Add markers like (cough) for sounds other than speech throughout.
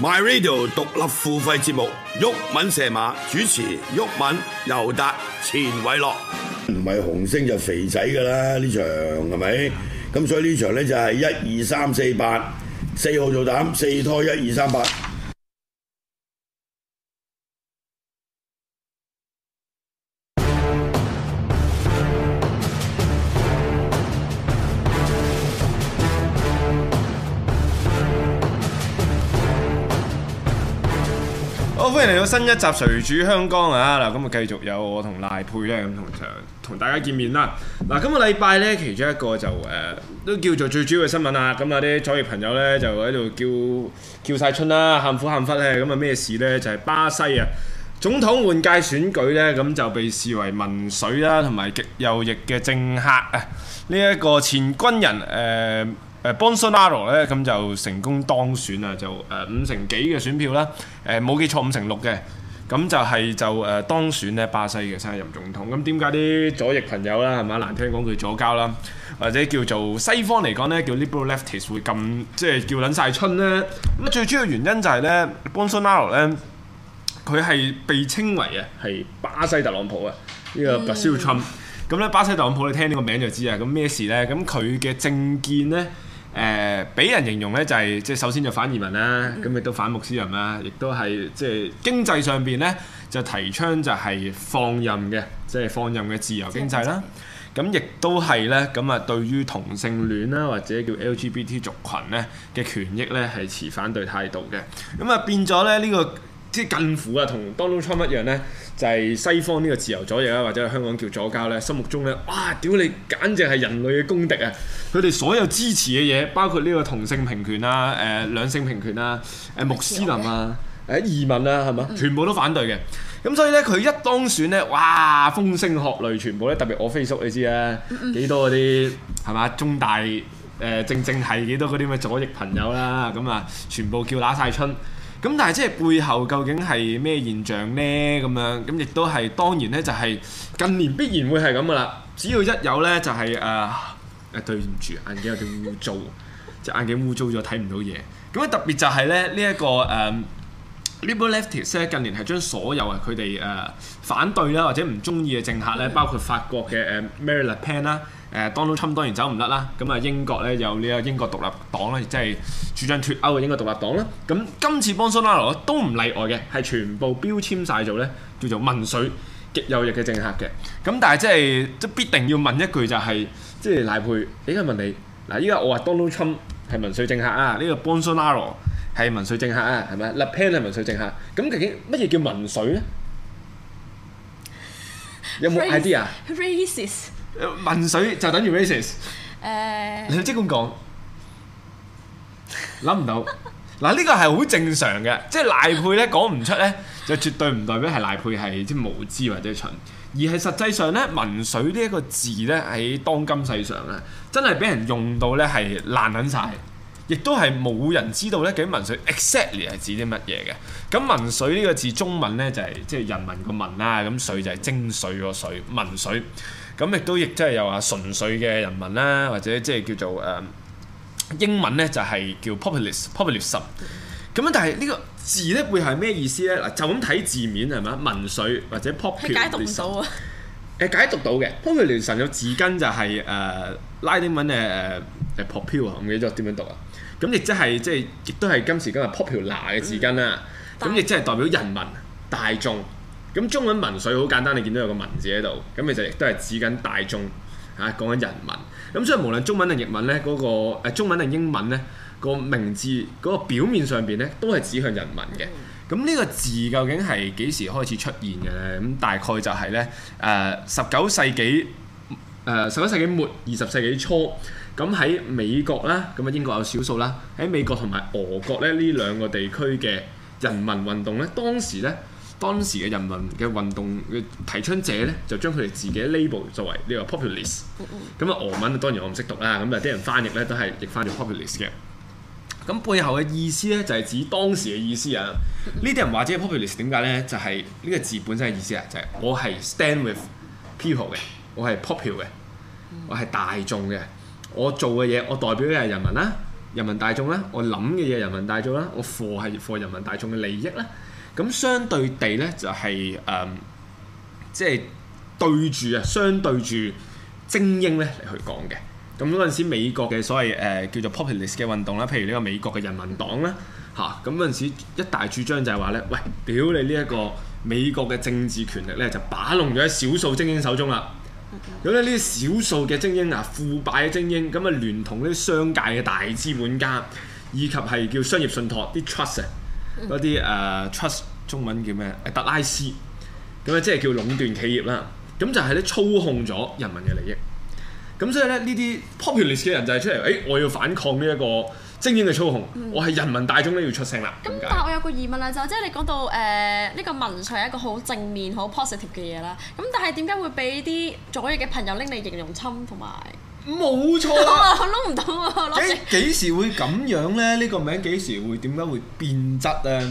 My Radio 獨立付費節目，毓民射馬主持，毓民、尤達、錢偉樂，唔係紅星就是肥仔㗎喇，呢場係咪？咁所以呢場咧就係一二三四八，四號做膽，四拖一二三八。1, 2, 3, 有新一集《誰主香江》啊嗱，咁啊繼續有我同賴珮咧咁同同大家見面啦。嗱，今個禮拜咧，其中一個就誒、呃、都叫做最主要嘅新聞啦。咁啊啲左翼朋友咧就喺度叫叫晒春啦，喊苦喊忽咧。咁啊咩事咧？就係、嗯就是、巴西啊總統換屆選舉咧，咁、嗯、就被視為民粹啦、啊，同埋極右翼嘅政客啊。呢、這、一個前軍人誒。呃 Bolsonaro 咧咁就成功當選啊！就誒、呃、五成幾嘅選票啦，誒、呃、冇記錯五成六嘅，咁就係、是、就誒、呃、當選咧巴西嘅新任總統。咁點解啲左翼朋友啦，係咪難聽講句左膠啦，或者叫做西方嚟講呢，叫 liberal leftists 會咁即係叫撚晒春呢？咁最主要原因就係，Bolsonaro 咧，佢係被稱為啊係巴西特朗普啊呢、這個 Brazil Trump 咁咧巴西特朗普你聽呢個名就知啊，咁咩事呢？咁佢嘅政見呢。誒俾、呃、人形容咧就係、是、即係首先就反移民啦，咁亦、嗯、都反穆斯林啦，亦都係即係經濟上邊咧就提倡就係放任嘅，即係放任嘅自由經濟啦。咁亦、嗯、都係咧咁啊，對於同性戀啦、嗯、或者叫 LGBT 族群咧嘅權益咧係持反對態度嘅。咁啊變咗咧呢、呢個。即近乎府啊，同 Donald Trump 一樣呢，就係、是、西方呢個自由左翼啦，或者香港叫左膠呢，心目中呢，哇！屌你，簡直係人類嘅公敵啊！佢哋所有支持嘅嘢，包括呢個同性平權啊、誒兩性平權啊、誒穆斯林啊、誒移民啊，係嘛？嗯、全部都反對嘅。咁所以呢，佢一當選呢，哇！風聲鶴唳，全部呢，特別我 Facebook 你知啦，幾多嗰啲係嘛中大誒，正正係幾多嗰啲咩左翼朋友啦，咁啊，全部叫打晒春。咁但係即係背後究竟係咩現象呢？咁樣咁亦都係當然咧，就係近年必然會係咁噶啦。只要一有咧、就係，就係誒誒對唔住，眼鏡有啲污糟，隻 (laughs) 眼鏡污糟咗睇唔到嘢。咁啊特別就係咧呢一個誒、呃、liberal leftists 近年係將所有啊佢哋誒反對啦或者唔中意嘅政客咧， (laughs) 包括法國嘅 Marie Le Pen 啦。誒、呃、Donald Trump 當然走唔甩啦，咁、嗯、啊英國咧有呢個英國獨立黨咧，即係主張脫歐嘅英國獨立黨啦。咁、嗯、今、嗯、次 Bolsonaro 都唔例外嘅，係全部標籤晒做咧叫做民粹極右翼嘅政客嘅。咁、嗯、但係即係即必定要問一句就係、是，即係賴佩，點解問你？嗱，依家我話 Donald Trump 係民粹政客啊，呢個 Bolsonaro 係民粹政客啊，係咪？Le Pen 係民粹政客。咁、這個 on 嗯、究竟乜嘢叫民粹咧？ (laughs) 有冇 idea？Racist。民粹就等於 racist，、uh、你即咁講，諗唔到。嗱呢、 (laughs) 呢個係好正常嘅，即係賴佩咧講唔出咧，就絕對唔代表係賴佩係啲無知或者蠢，而係實際上咧民粹呢一個字咧喺當今世上咧，真係俾人用到咧係爛撚晒，亦都係冇人知道咧點民粹 exactly 係指啲乜嘢嘅。咁民粹呢個字中文咧就係即係人民個民啦，咁粹就係精髓個粹，民粹。咁亦都亦即係有啊純粹嘅人民啦，或者即係叫做誒、呃、英文咧就係叫 populism，populism。咁樣但係呢個字咧會係咩意思咧？嗱，就咁睇字面係咪？民粹或者 populism 解讀唔到啊？誒，解讀到嘅 populism 有字根就係、是、誒、呃、拉丁文嘅誒誒 popul 啊，唔、uh，記得咗點樣讀啊？咁亦即係即係亦都係今時今日 popul 嘅字根啦。咁亦即係代表人民大眾。咁中文民粹好簡單，你見到有個民字喺度，咁其實亦都係指緊大眾嚇、啊，講緊人民。咁、啊、所以無論中文定日文咧，嗰、嗰個、啊、中文定英文咧，個名字嗰個表面上面咧，都係指向人民嘅。咁呢個字究竟係幾時開始出現嘅咧？咁大概就係咧，誒十九世紀誒十九世紀末二十世紀初。咁喺美國啦，咁啊英國有少數啦，喺美國同埋俄國咧呢兩個地區嘅人民運動咧，當時咧。當時嘅人民嘅運動嘅提倡者咧，就將佢哋自己 label 作為呢個 populist。咁啊，俄文當然我唔識讀啦。咁啊，啲人翻譯咧都係譯翻做 populist 嘅。咁背後嘅意思咧就係、是、指當時嘅意思啊。呢啲人話自己 populist 點解咧？就係、是、呢個字本身嘅意思啊，就係、是、我係 stand with people 嘅，我係 popular 嘅，我係大眾嘅。我做嘅嘢，我代表嘅係人民啦，人民大眾啦。我諗嘅嘢，人民大眾啦。我 for 係 for 人民大眾嘅利益啦。咁相對地咧，就係、是、誒，即、嗯、係、就是、對住啊，相對住精英咧嚟去講嘅。咁嗰陣時，美國嘅所謂誒、呃、叫做 populist 嘅運動啦，譬如呢個美國嘅人民黨啦，嚇、啊。咁嗰陣時一大主張就係話咧，喂，表你呢一個美國嘅政治權力咧，就把弄咗喺少數精英手中啦。咁咧，呢啲少數嘅精英啊，腐敗嘅精英，咁啊聯同呢啲商界嘅大資本家，以及係叫商業信託啲 trust。嗰啲誒 trust 中文叫咩？誒、啊、特拉斯咁啊，即係叫壟斷企業啦。咁就係咧操控咗人民嘅利益。咁所以咧呢啲 populist 嘅人就係出嚟，誒、欸、我要反抗呢一個精英嘅操控。嗯、我係人民大眾都要出聲啦。咁、嗯，樣但我有個疑問咧，就即、是、係你講到誒呢、呃呢個民粹係一個好正面、好 positive 嘅嘢啦。咁但係點解會俾啲左翼嘅朋友拎你形容侵同埋？冇錯啊！攞唔到啊！幾幾時會咁樣咧？呢個名幾時會點解會變質咧？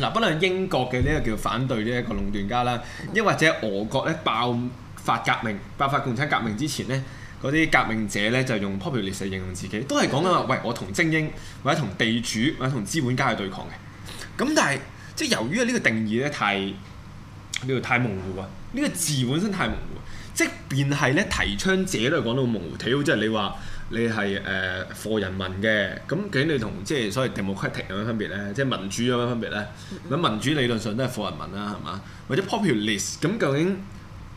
嗱，不論英國嘅呢個叫反對呢一個壟斷家啦，亦或者俄國咧爆發革命、爆發共產革命之前咧，嗰啲革命者咧就用 popular 歷史形容自己，都係講緊話喂，我同精英或者同地主或者同資本家去對抗嘅。咁但係即係由於呢個定義咧太叫做太模糊啊，呢、這個字本身太模糊。即便變係咧，提倡者都係講到模糊。睇即係你話你係誒俾人民嘅，咁究竟你同即係所謂 democratic 有咩分別咧？即係民主有咩分別咧？咁民主理論上都係俾人民啦，係嘛？或者 populist 咁究竟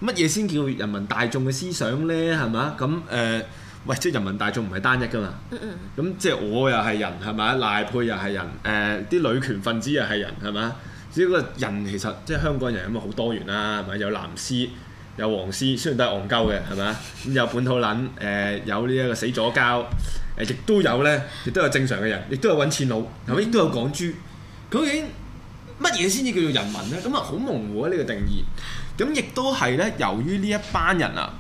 乜嘢先叫人民大眾嘅思想咧？係嘛？咁誒、呃，喂，即係人民大眾唔係單一噶嘛？咁即係我又係人係咪？賴珮又係人誒？啲、呃、女權分子又係人係咪？所以個人其實即係香港人咁樣好多元啦，係咪有藍絲？有黃絲，雖然都係戇鳩嘅，係咪？咁有本土撚，誒、呃有，呃、有呢一個死咗膠，誒亦都有咧，亦都有正常嘅人，亦都有揾錢佬，係咪、嗯？亦都有港豬。究竟乜嘢先至叫做人民咧？咁啊好模糊啊呢個定義。咁亦都係咧，由於呢一班人啊，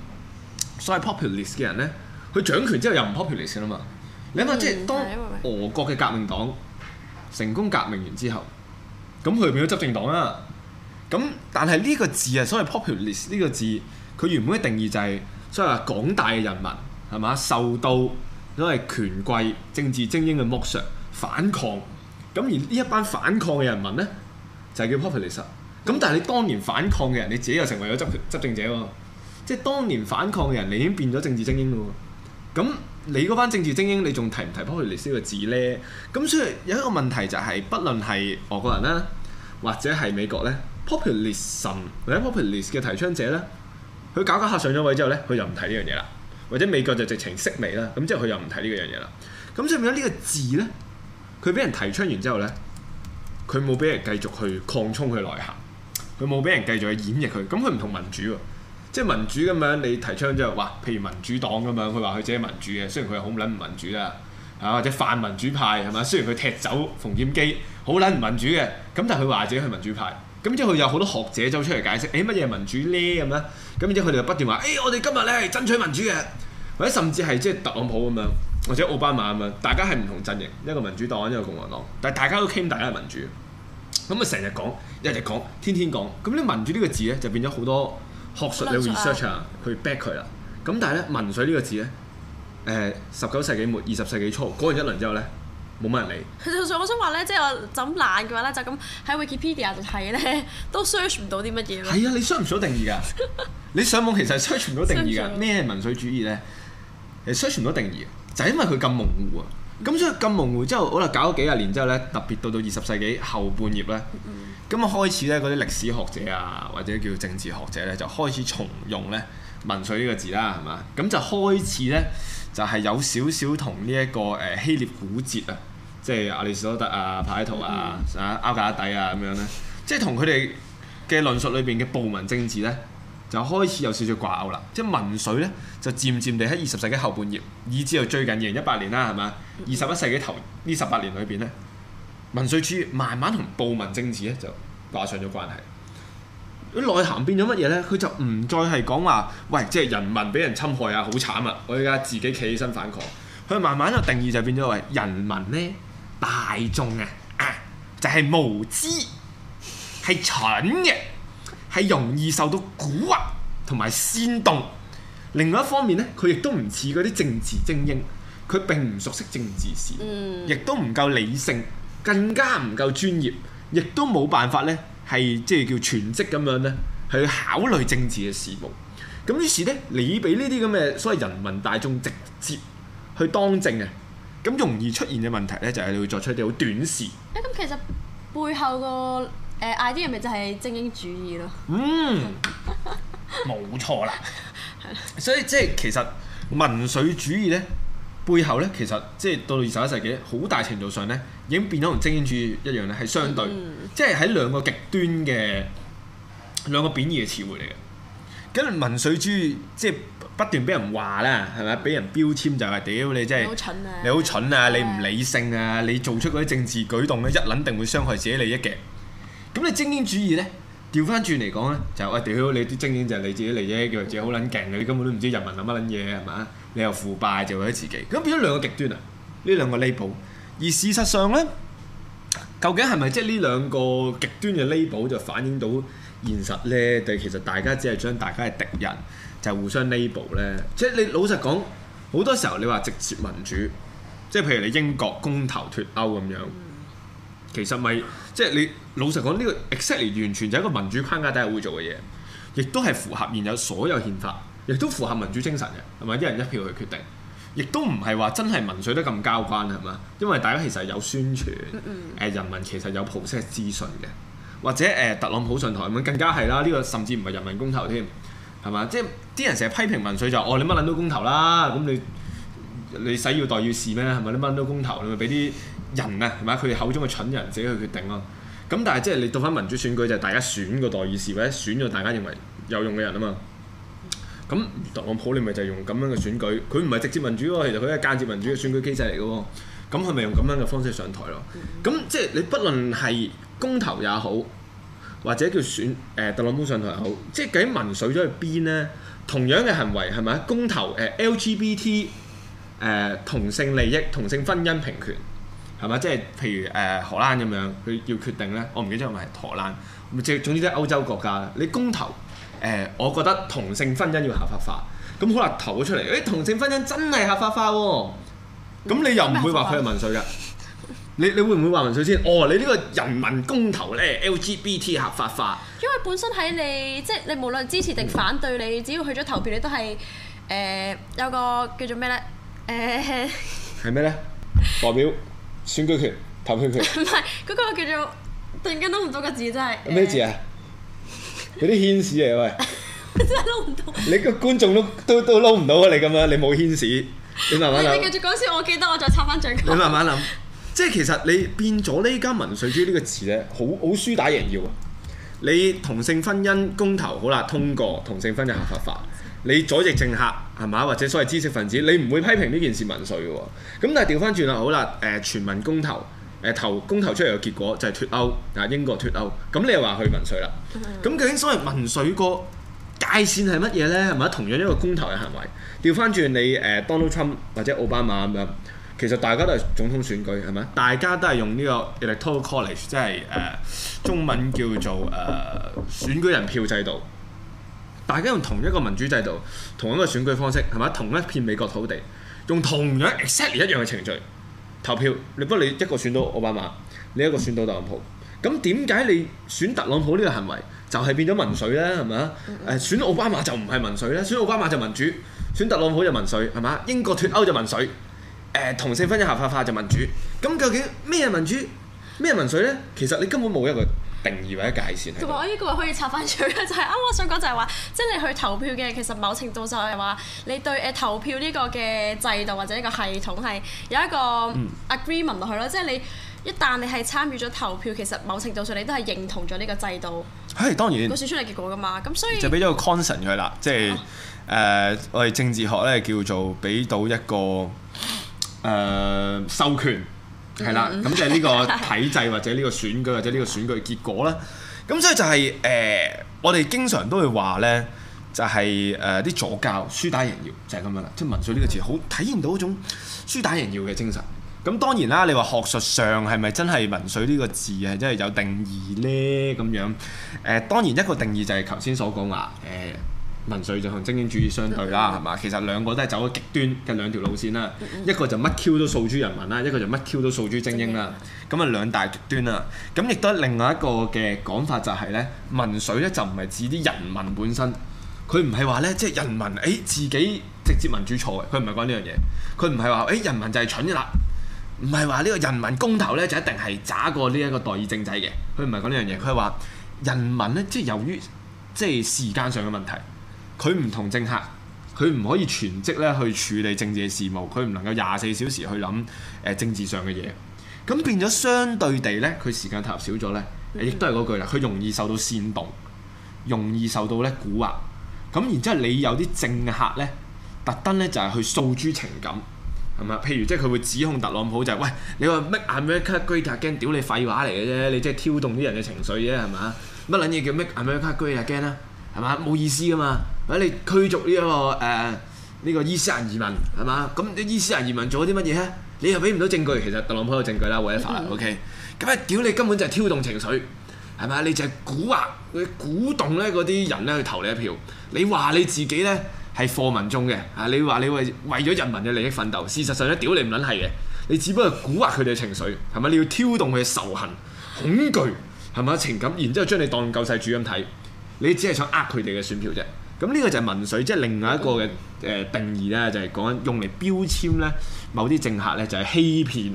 所謂 populist 嘅人咧，佢掌權之後又唔 populist 啦嘛。你諗下，嗯、即係當俄國嘅革命黨成功革命完之後，咁佢變咗執政黨啦。咁但係呢個字啊，所謂 populist 呢個字，佢原本嘅定義就係、是、所謂廣大嘅人民係嘛，受到所謂權貴政治精英嘅剝削，反抗，咁而呢一班反抗嘅人民呢，就係叫 populist。咁但係你當年反抗嘅人，你自己又成為咗執執政者喎，即係當年反抗嘅人，你已經變咗政治精英㗎喎。咁你嗰班政治精英，你仲提唔提 populist 個字呢？咁所以有一個問題就係、是，不論係俄國人啦，或者係美國呢。populism 或者 populism 嘅提倡者咧，佢搞搞下上咗位之後咧，佢就唔提呢樣嘢啦，或者美國就直情式微啦，咁之後佢就唔提呢個樣嘢啦。咁上面有呢個字咧，佢俾人提倡完之後咧，佢冇俾人繼續去擴充佢內涵，佢冇俾人繼續去演繹佢。咁佢唔同民主喎，即係民主咁樣你提倡之後話，譬如民主黨咁樣，佢話佢自己民主嘅，雖然佢好撚唔民主啦，啊或者泛民主派係嘛，雖然佢踢走馮檢基，好撚唔民主嘅，咁但係佢話自己係民主派。咁即係佢有好多學者都出嚟解釋，誒乜嘢民主咧咁樣？咁然之後佢哋就不斷話，誒、哎、我哋今日咧係爭取民主嘅，或者甚至係即係特朗普咁樣，或者奧巴馬咁樣，大家係唔同陣營，一個民主黨，一個共和黨，但係大家都 claim 大家係民主，咁啊成日講，日日講，天天講，咁呢民主呢個字咧就變咗好多學術嚟 research 啊，去 back 佢啦。咁但係咧民粹呢個字咧，誒十九世紀末二十世紀初講完、那個、一輪之後咧。冇乜人理。其實我想話咧，即係我咁懶嘅話咧，就咁喺 Wikipedia 度睇咧，都 search 唔到啲乜嘢咯。係啊，你 search 唔到定義㗎？ (laughs) 你上網其實 search 唔到定義㗎。咩係民粹主義咧？其實 search 唔到定義，就係、因為佢咁模糊啊。咁所以咁模糊之後，好啦搞咗幾廿年之後咧，特別到到二十世紀後半葉咧，咁、嗯嗯嗯、開始咧嗰啲歷史學者啊，或者叫政治學者咧，就開始重用咧民粹呢個字啦，係嘛？咁就開始咧。就係有少少同呢一個誒希臘古哲啊，即係阿里士多德啊、柏拉圖啊、mm. 啊歐格拉底啊咁樣咧，即係同佢哋嘅論述裏邊嘅暴民政治咧，就開始有少少掛鈎啦。即係民粹咧，就漸漸地喺二十世紀後半葉，以至到最近二零一八年啦，係嘛、mm.？二十一世紀頭呢十八年裏邊咧，民粹主義慢慢同暴民政治咧就掛上咗關係。啲內涵變咗乜嘢呢？佢就唔再係講話，喂，即係人民俾人侵害啊，好慘啊！我而家自己企起身反抗。佢慢慢個定義就變咗為人民呢，大眾啊，啊就係、是、無知，係蠢嘅，係容易受到蠱惑同埋煽動。另外一方面呢，佢亦都唔似嗰啲政治精英，佢並唔熟悉政治事，亦都唔夠理性，更加唔夠專業，亦都冇辦法呢。係即係叫全職咁樣咧，去考慮政治嘅事務。咁於是咧，你俾呢啲咁嘅所謂人民大眾直接去當政啊，咁容易出現嘅問題咧，就係你會作出一啲好短視。誒，咁其實背後個誒 idea 咪就係精英主義咯。嗯，冇 (laughs) 錯啦。係。所以即係其實民粹主義咧。背後咧，其實即係到到二十一世紀，好大程度上咧，已經變咗同精英主義一樣咧，係相對，即係喺兩個極端嘅兩個貶義嘅詞彙嚟嘅。咁民粹主義即係、就是、不斷俾人話啦，係咪啊？俾人標籤就係、是、屌、嗯、你真係你好蠢啊！嗯、你唔理性啊！你做出嗰啲政治舉動咧，一撚定會傷害自己利益嘅。咁你精英主義咧？調翻轉嚟講咧，就喂屌、哎、你啲精英就係你自己嚟啫，以為自己好撚勁，你根本都唔知人民諗乜撚嘢係嘛？你又腐敗就為咗自己，咁變咗兩個極端啊！呢兩個 label，而事實上咧，究竟係咪即係呢兩個極端嘅 label 就反映到現實咧？對，其實大家只係將大家係敵人，就互相 label 咧。即、就、係、是、你老實講，好多時候你話直接民主，即、就、係、是、譬如你英國公投脫歐咁樣，其實咪即係你。老實講，呢、這個 exactly 完全就係一個民主框架底下會做嘅嘢，亦都係符合現有所有憲法，亦都符合民主精神嘅，係咪一人一票去決定？亦都唔係話真係民粹得咁交關，係咪？因為大家其實係有宣傳，誒、嗯呃、人民其實有 process 資訊嘅，或者誒、呃、特朗普上台咁樣更加係啦。呢、這個甚至唔係人民公投添，係嘛？即係啲人成日批評民粹就是、哦，你乜撚到公投啦？咁你你使要代議士咩？係咪你撚到公投你咪俾啲人啊，係咪佢哋口中嘅蠢人自己去決定咯、啊？咁但係即係你讀翻民主選舉就係、是、大家選個代議士或者選咗大家認為有用嘅人啊嘛。咁特朗普你咪就用咁樣嘅選舉，佢唔係直接民主喎，其實佢係間接民主嘅選舉機制嚟嘅喎。咁佢咪用咁樣嘅方式上台咯？咁即係你不論係公投也好，或者叫選誒、呃、特朗普上台也好，即係究竟民粹咗去邊呢？同樣嘅行為係咪公投誒、呃、LGBT 誒、呃、同性利益、同性婚姻平權。係咪？即係譬如誒荷蘭咁樣，佢要決定咧，我唔記得係咪荷蘭。即係總之都係歐洲國家。你公投誒、呃，我覺得同性婚姻要合法化。咁好難投咗出嚟。誒、欸，同性婚姻真係合法化，哦。咁你又唔會話佢係民粹㗎？你你會唔會話民粹先？ (laughs) 哦，你呢個人民公投咧，LGBT 合法化。因為本身喺你即係你無論支持定反對，你只要去咗投票，你都係誒、呃、有個叫做咩咧？誒係咩咧？代表、表。 (laughs) 選舉權、投票權，唔係嗰個叫做突然間撈唔到個字，真係咩字啊？有啲牽絲嚟喂， (laughs) 真係撈唔到。你個觀眾都都都撈唔到啊！你咁樣，你冇牽絲，你慢慢諗。 (laughs) 你繼續講先，我記得我再插翻進攻。你慢慢諗，即係其實你變咗呢間民粹主義呢個字咧，好好輸打贏要。啊。你同性婚姻公投好啦，通過，同性婚姻合法化。你左翼政客係嘛？或者所謂知識分子，你唔會批評呢件事民粹喎、哦。咁但係調翻轉啊好啦，誒、呃、全民公投，誒、呃、投公投出嚟嘅結果就係脫歐啊英國脫歐。咁你又話去民粹啦？咁究竟所謂民粹個界線係乜嘢呢？係咪同樣一個公投嘅行為？調翻轉你誒、呃、Donald Trump 或者奧巴馬咁樣？其實大家都係總統選舉係咪？大家都係用呢個 electoral college，即係誒、呃、中文叫做誒、呃、選舉人票制度。大家用同一個民主制度、同一個選舉方式係嘛？同一片美國土地，用同樣 exactly 一樣嘅程序投票。你不你一個選到奧巴馬，你一個選到特朗普。咁點解你選特朗普呢個行為就係變咗民粹咧？係嘛？誒、嗯、選奧巴馬就唔係民粹咧，選奧巴馬就民主，選特朗普就民粹係嘛？英國脱歐就民粹。誒同性婚姻合法化就民主，咁究竟咩民主，咩民粹咧？其實你根本冇一個定義或者界線嚟。同埋我呢個可以插翻嘴，就係啱啱我想講就係話，即係你去投票嘅，其實某程度上係話，你對誒投票呢個嘅制度或者呢個系統係有一個 agreement 落去咯，即係，嗯，你一旦你係參與咗投票，其實某程度上你都係認同咗呢個制度。係當然，個選出嚟結果㗎嘛，咁所以就俾咗個 consent 佢啦，即係誒我哋政治學咧叫做俾到一個。誒、呃、授權係啦，咁即係呢個體制或者呢個選舉或者呢個選舉嘅結果啦。咁所以就係、是、誒、呃，我哋經常都會話呢，就係誒啲左膠輸打贏要就係、是、咁樣啦。即、就、係、是、民粹呢個字好體現到一種輸打贏要嘅精神。咁當然啦，你話學術上係咪真係民粹呢個字係真係有定義呢？咁樣誒、呃，當然一個定義就係頭先所講話誒。呃民粹就同精英主義相對啦，係嘛？其實兩個都係走咗極端嘅兩條路線啦。 (laughs) 一個就乜 Q 都訴諸人民啦，一個就乜 Q 都訴諸精英啦。咁啊，兩大極端啦。咁亦都另外一個嘅講法就係、是、咧，民粹咧就唔係指啲人民本身，佢唔係話咧即係人民誒、欸、自己直接民主錯嘅，佢唔係講呢樣嘢。佢唔係話誒人民就係蠢啦，唔係話呢個人民公投咧就一定係渣過呢一個代議政制嘅，佢唔係講呢樣嘢。佢係話人民咧即係由於即係時間上嘅問題。佢唔同政客，佢唔可以全職咧去處理政治嘅事務，佢唔能夠廿四小時去諗誒、呃、政治上嘅嘢，咁變咗相對地咧，佢時間投入少咗咧，亦都係嗰句啦，佢容易受到煽動，容易受到咧蠱惑。咁然之後你有啲政客咧，特登咧就係、是、去訴諸情感，係咪？譬如即係佢會指控特朗普就係、是、喂你話 make America great again，屌 (laughs) 你廢話嚟嘅啫，你即係挑動啲人嘅情緒啫，係嘛？乜撚嘢叫 make America great again 啊？係嘛？冇意思噶嘛？你驅逐呢、這、一個呢、呃這個伊斯蘭移民係嘛？咁啲伊斯蘭移民做咗啲乜嘢咧？你又俾唔到證據，其實特朗普有證據啦，whatever，OK？咁啊屌你根本就係挑動情緒，係咪？你就係誒鼓，鼓動咧嗰啲人咧去投你一票。你話你自己咧係貨民眾嘅啊？你話你為為咗人民嘅利益奮鬥。事實上咧，屌你唔撚係嘅，你只不過誒鼓惑佢哋嘅情緒，係咪？你要挑動佢嘅仇恨、恐懼，係咪情感？然之後將你當救世主咁睇，你只係想呃佢哋嘅選票啫。咁呢個就係民粹，即、就、係、是、另外一個嘅誒、呃、定義咧，就係、是、講用嚟標籤咧，某啲政客咧就係、是、欺騙、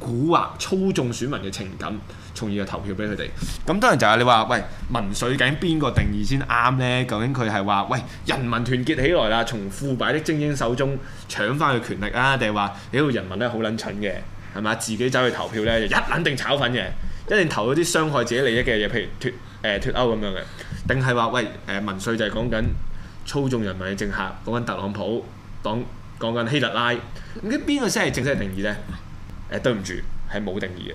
蠱惑、操縱選民嘅情感，從而去投票俾佢哋。咁當然就係你話，喂，民粹究竟邊個定義先啱咧？究竟佢係話，喂，人民團結起來啦，從腐敗的精英手中搶翻佢權力啊？定係話，妖人民咧好撚蠢嘅，係咪自己走去,去投票咧，一撚定炒粉嘅，一定投嗰啲傷害自己利益嘅嘢，譬如脱誒脱歐咁樣嘅，定係話，喂，誒民粹就係講緊？操縱人民嘅政客，講緊特朗普，講講緊希特拉，咁邊個先係正式定義咧？誒、呃，對唔住，係冇定義嘅。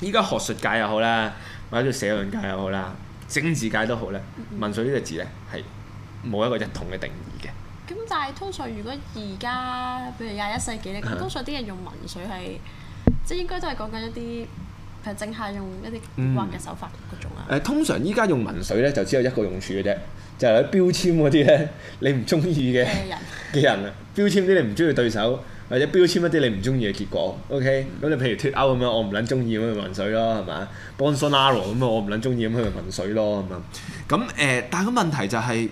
依家學術界又好啦，或者寫論界又好啦，政治界都好咧，文水呢個字咧係冇一個一統嘅定義嘅。咁但係通常，如果而家譬如廿一世紀咧，通常啲人用文水係，即係應該都係講緊一啲，譬如政客用一啲説話嘅手法嗰種啦。誒，通常依家用文水咧，就只有一個用處嘅啫。就係啲標籤嗰啲咧，你唔中意嘅嘅人啊，標籤啲你唔中意對手，或者標籤一啲你唔中意嘅結果，OK？咁、嗯、你譬如脱歐咁樣，我唔撚中意咁去民粹咯，係嘛、嗯、？Bolsonaro 咁啊，我唔撚中意咁去民粹咯，係嘛？咁誒、嗯呃，但係個問題就係、是，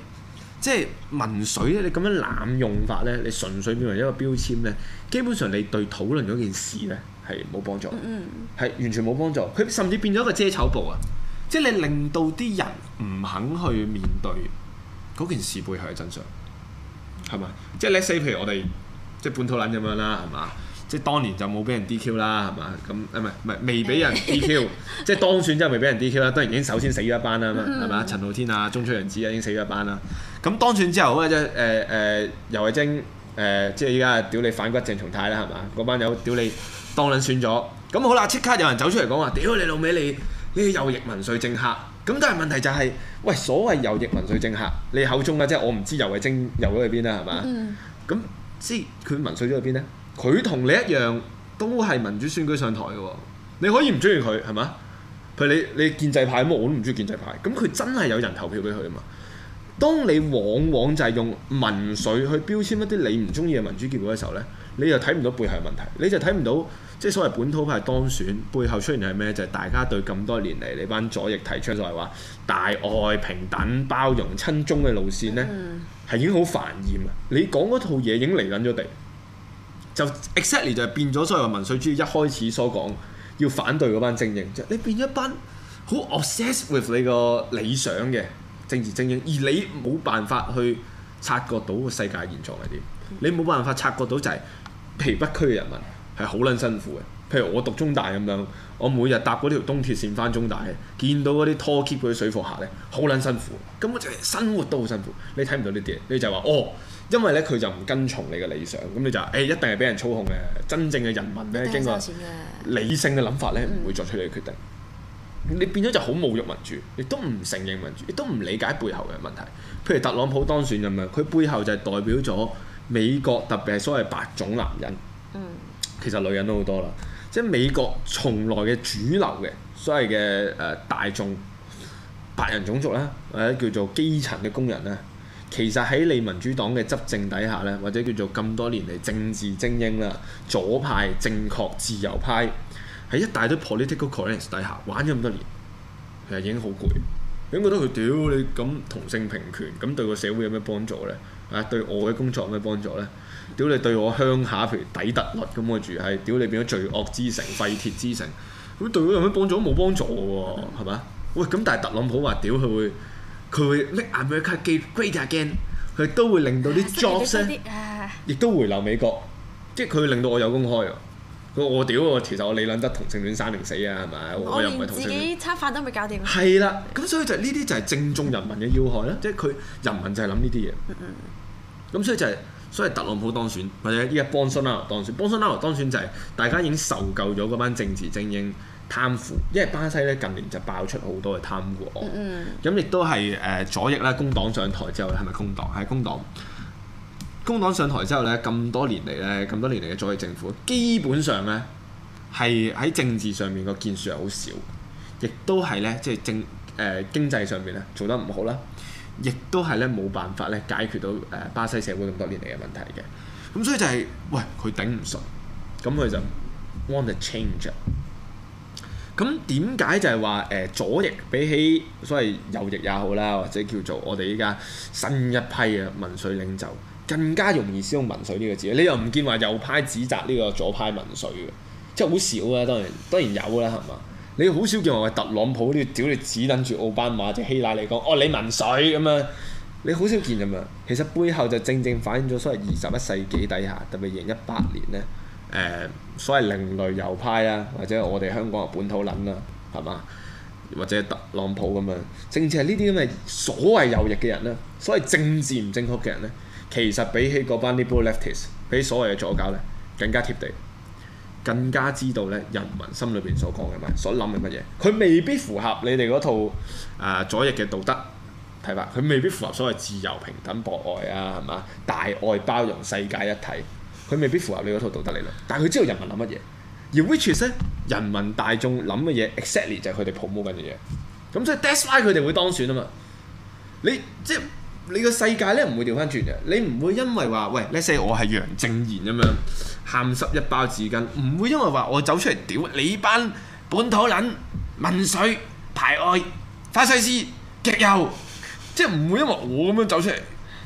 即係民粹咧，你咁樣濫用法咧，你純粹變成一個標籤咧，基本上你對討論嗰件事咧係冇幫助，係、嗯、完全冇幫助，佢甚至變咗一個遮醜布啊！即係你令到啲人唔肯去面對嗰件事背後嘅真相，係咪？即係你 e 譬如我哋即係本土撚咁樣啦，係嘛？即係當年就冇俾人 DQ 啦，係嘛？咁唔係唔係未俾人 DQ， (laughs) 即係當選之後未俾人 DQ 啦。當然已經首先死咗一班啦，係嘛？ (laughs) 陳浩天啊、鐘楚良之啊，已經死咗一班啦。咁當選之後咧、呃呃呃，即係誒游蕙禎即係依家屌你反骨鄭松泰啦，係嘛？嗰班友屌你當撚選咗，咁好啦，即刻有人走出嚟講話屌你老味你。你右翼民粹政客，咁但係問題就係、是，喂，所謂右翼民粹政客，你口中嘅、嗯「即係我唔知又係徵又咗去邊啦，係嘛？咁即佢民粹咗去邊呢？佢同你一樣都係民主選舉上台嘅、哦，你可以唔中意佢係嘛？譬如你你建制派冇，我都唔中意建制派。咁佢真係有人投票俾佢啊嘛？當你往往就係用民粹去標籤一啲你唔中意嘅民主結果嘅時候呢。你就睇唔到背後問題，你就睇唔到即係所謂本土派當選背後出現係咩？就係、是、大家對咁多年嚟你班左翼提出就係話大愛平等包容親中嘅路線呢係、嗯、已經好繁厭啦。你講嗰套嘢已經嚟緊咗地，就 exactly 就係變咗。所謂民粹主義一開始所講要反對嗰班精英，即、就、係、是、你變一班好 obsessed with 你個理想嘅政治精英，而你冇辦法去察覺到個世界現狀係點，你冇辦法察覺到就係、是。譬如北區嘅人民係好撚辛苦嘅，譬如我讀中大咁樣，我每日搭嗰條東鐵線翻中大，見到嗰啲拖喼嗰啲水貨客咧，好撚辛苦。根本就係生活都好辛苦，你睇唔到呢啲嘢，你就話哦，因為咧佢就唔跟從你嘅理想，咁你就誒、欸、一定係俾人操控嘅。真正嘅人民咧，經過理性嘅諗法咧，唔會作出你嘅決定。嗯、你變咗就好侮辱民主，亦都唔承認民主，亦都唔理解背後嘅問題。譬如特朗普當選咁樣，佢背後就係代表咗。美國特別係所謂白種男人，其實女人都好多啦。即係美國從來嘅主流嘅所謂嘅誒、呃、大眾白人種族啦，或者叫做基層嘅工人啦，其實喺你民主黨嘅執政底下咧，或者叫做咁多年嚟政治精英啦、左派、正確、自由派，喺一大堆 political correctness 底下玩咗咁多年，其實已經好攰。你覺得佢屌你咁同性平權咁對個社會有咩幫助咧？啊！對我嘅工作有咩幫助咧？屌你對我鄉下，譬如底特律咁我住係，屌你變咗罪惡之城、廢鐵之城，咁對我有咩幫助都冇幫助嘅喎，係嘛？ (music) 喂，咁但係特朗普話屌佢會，佢會，會 make America great again，佢都會令到啲 job 咧，亦、 (music) 啊啊、都回流美國，即係佢會令到我有工開啊！我屌其實我理諗得同性戀生定死啊？係咪？我又唔係同性戀，我連自己餐飯都未搞掂。係啦，咁所以就呢、是、啲就係正中人民嘅要害啦。即係佢人民就係諗呢啲嘢。咁、嗯嗯、所以就係、是，所以特朗普當選或者依家邦辛納當選。邦辛納當選就係大家已經受夠咗嗰班政治精英貪腐，因為巴西咧近年就爆出好多嘅貪污。咁亦都係誒左翼啦，工黨上台之後係咪工黨？係工黨。工黨上台之後咧，咁多年嚟咧，咁多年嚟嘅左翼政府，基本上咧係喺政治上面個建樹係好少，亦都係咧即係政誒經濟上面咧做得唔好啦，亦都係咧冇辦法咧解決到誒、呃、巴西社會咁多年嚟嘅問題嘅。咁所以就係、是、喂佢頂唔順，咁佢就 wanna change。咁點解就係話誒左翼比起所謂右翼也好啦，或者叫做我哋依家新一批嘅民粹領袖？更加容易使用民粹呢個字，你又唔見話右派指責呢個左派民粹嘅，即係好少啦。當然當然有啦，係嘛？你好少見話特朗普呢啲屌你指撚住奧巴馬或者希拉里講哦你民粹咁啊，你好少見咁啊。其實背後就正正反映咗，所謂二十一世紀底下特別二零一八年呢，誒、呃、所謂另類右派啊，或者我哋香港嘅本土撚啊，係嘛？或者特朗普咁樣，正正係呢啲咁嘅所謂右翼嘅人咧，所謂政治唔正確嘅人咧。其實比起嗰班 liberal leftists，比起所謂嘅左膠咧更加貼地，更加知道咧人民心裏邊所講嘅乜，所諗嘅乜嘢，佢未必符合你哋嗰套誒、啊、左翼嘅道德睇法，佢未必符合所謂自由平等博愛啊，係嘛大愛包容世界一體，佢未必符合你嗰套道德嚟咯。但係佢知道人民諗乜嘢，而 which 咧人民大眾諗嘅嘢 exactly 就係佢哋 promote 緊嘅嘢，咁所以 that's why 佢哋會當選啊嘛。你即係。你個世界咧唔會調翻轉嘅，你唔會因為話喂 let's say 我係楊正賢咁樣喊濕一包紙巾，唔會因為話我走出嚟屌你班本土撚民粹排外法西斯極右，即係唔會因為我咁樣走出嚟，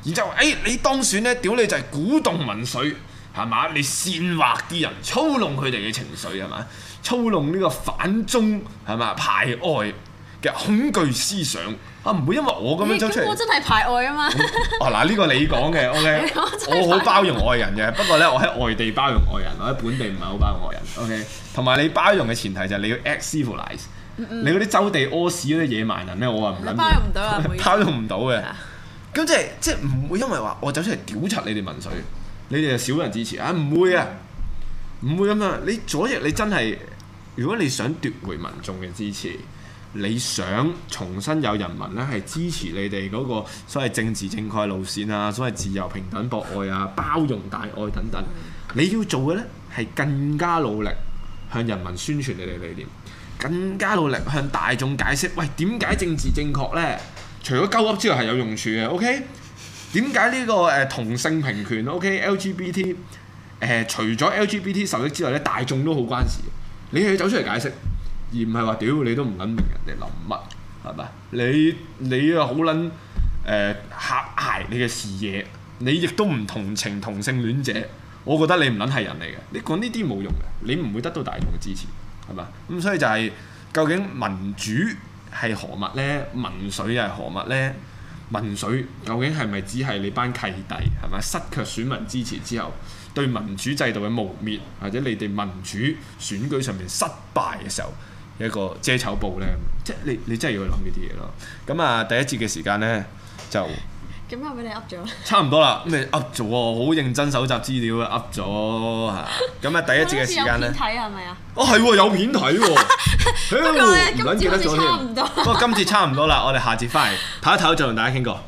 然之後誒、欸、你當選呢屌你就係鼓動民粹，係嘛，你煽惑啲人操弄佢哋嘅情緒係嘛，操弄呢個反中係嘛排外。嘅恐懼思想嚇唔、啊、會因為我咁樣走出嚟，欸、我真係排外啊嘛！啊嗱，呢個你講嘅，OK， (laughs) 我好包容外人嘅。 (laughs) 不過咧，我喺外地包容外人，我喺本地唔係好包容外人，OK。同埋你包容嘅前提就係你要 act civilize、嗯、你嗰啲周地屙屎嗰啲野蠻人咧，我話唔諗。你包容唔到、啊， (laughs) 包容唔到嘅。咁、啊、即係即係唔會因為話我走出嚟屌柒你哋民粹，你哋少人支持啊？唔會啊，唔會咁、啊、樣。你左翼你真係如果你想奪回民眾嘅支持。你想重新有人民咧係支持你哋嗰個所謂政治正確路線啊，所謂自由平等博愛啊，包容大愛等等，你要做嘅呢係更加努力向人民宣傳你哋理念，更加努力向大眾解釋，喂，點解政治正確呢？除咗鳩噏之外係有用處嘅，OK？點解呢個誒同性平權 OK LGBT、呃、除咗 LGBT 受益之外呢，大眾都好關事，你係要走出嚟解釋。而唔係話屌你都唔撚明人哋諗乜係咪？你你又好撚誒狹隘你嘅視野，你亦都唔同情同性戀者，我覺得你唔撚係人嚟嘅。你講呢啲冇用嘅，你唔會得到大眾嘅支持，係咪？咁所以就係、是、究竟民主係何物呢？民粹又係何物呢？民粹究竟係咪只係你班契弟係咪？失卻選民支持之後，對民主制度嘅污蔑，或者你哋民主選舉上面失敗嘅時候，一個遮醜布咧，即係你你真係要去諗呢啲嘢咯。咁啊，第一節嘅時間咧就咁又俾你噏咗差唔多啦，咁你噏咗，好認真搜集資料啊，噏咗嚇。咁啊，第一節嘅時間咧，睇係咪啊？啊係喎，有片睇喎，唔撚 (laughs) 記得咗添。不過今次差唔多啦，我哋下節翻嚟唞一唞，再同大家傾過。